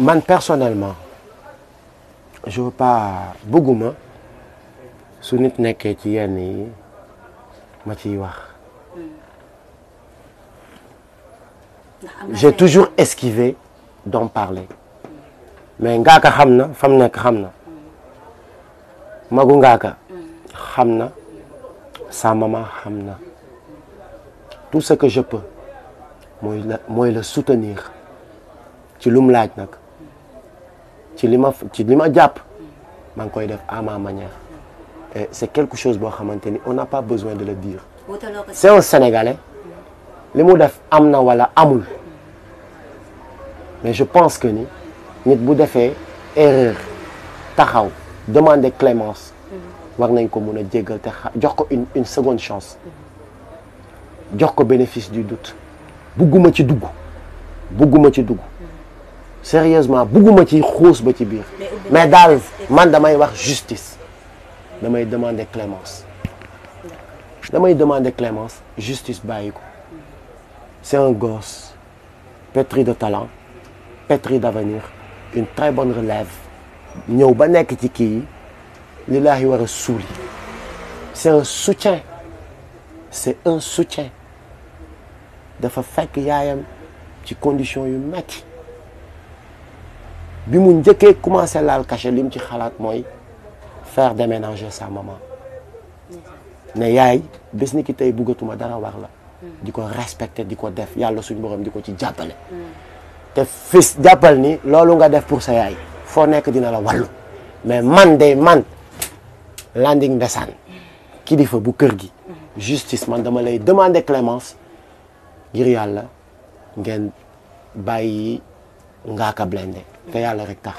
man personnellement je veux pas bëgguma su nit nekkee ci yenn yi ma ciy wax. j'ai toujours esquivé d'en parler mais ngaaka xam na fam nekk xam na magu ngaaka xam na sa maman xam na tout ce que je peux mooy la mooy la soutenir ci lu mu laaj nag ci li ma ci li ma jàpp maa ngi koy def à ma manière et c'est quelque chose boo xamante ni on n'a pas besoin de le dire c'est un Sénégalais li mu def am na wala amul mais je pense que ni nit bu defee erreur taxaw demander clémence war nañ ko mun a jéggal te jox ko une une seconde chance jox ko bénéfice du doute bugguma ci dugg bugguma ci dugg sérieusement bugguma ci xuus ba ci biir mais daal man damay wax justice damay demande clémence damay demander clémence justice bàyyi ko c'est un gosse pétri de talent pétri d'avenir une très bonne relève ñëw ba nekk ci kii li laahi war a suuli c'est un soutien c'est un soutien dafa fekk yaayam ci condition yu metti bi mu njëkkee commencé laal cachet li mu ci xalaat mooy faire déménager sa maman ne yaay bés tey buggatuma dara war la di ko respecté di ko def yàlla suñ borom di ko ci jàppale te fis jàppal ni loolu nga def pour sa yaay foo nekk dina la wàllu mais man day man Landing Ndesane kilifa bu kër gi justice man dama lay demande clémence ngir yàlla ngeen bàyyi Ngaaka Blindé te yàlla rek tax.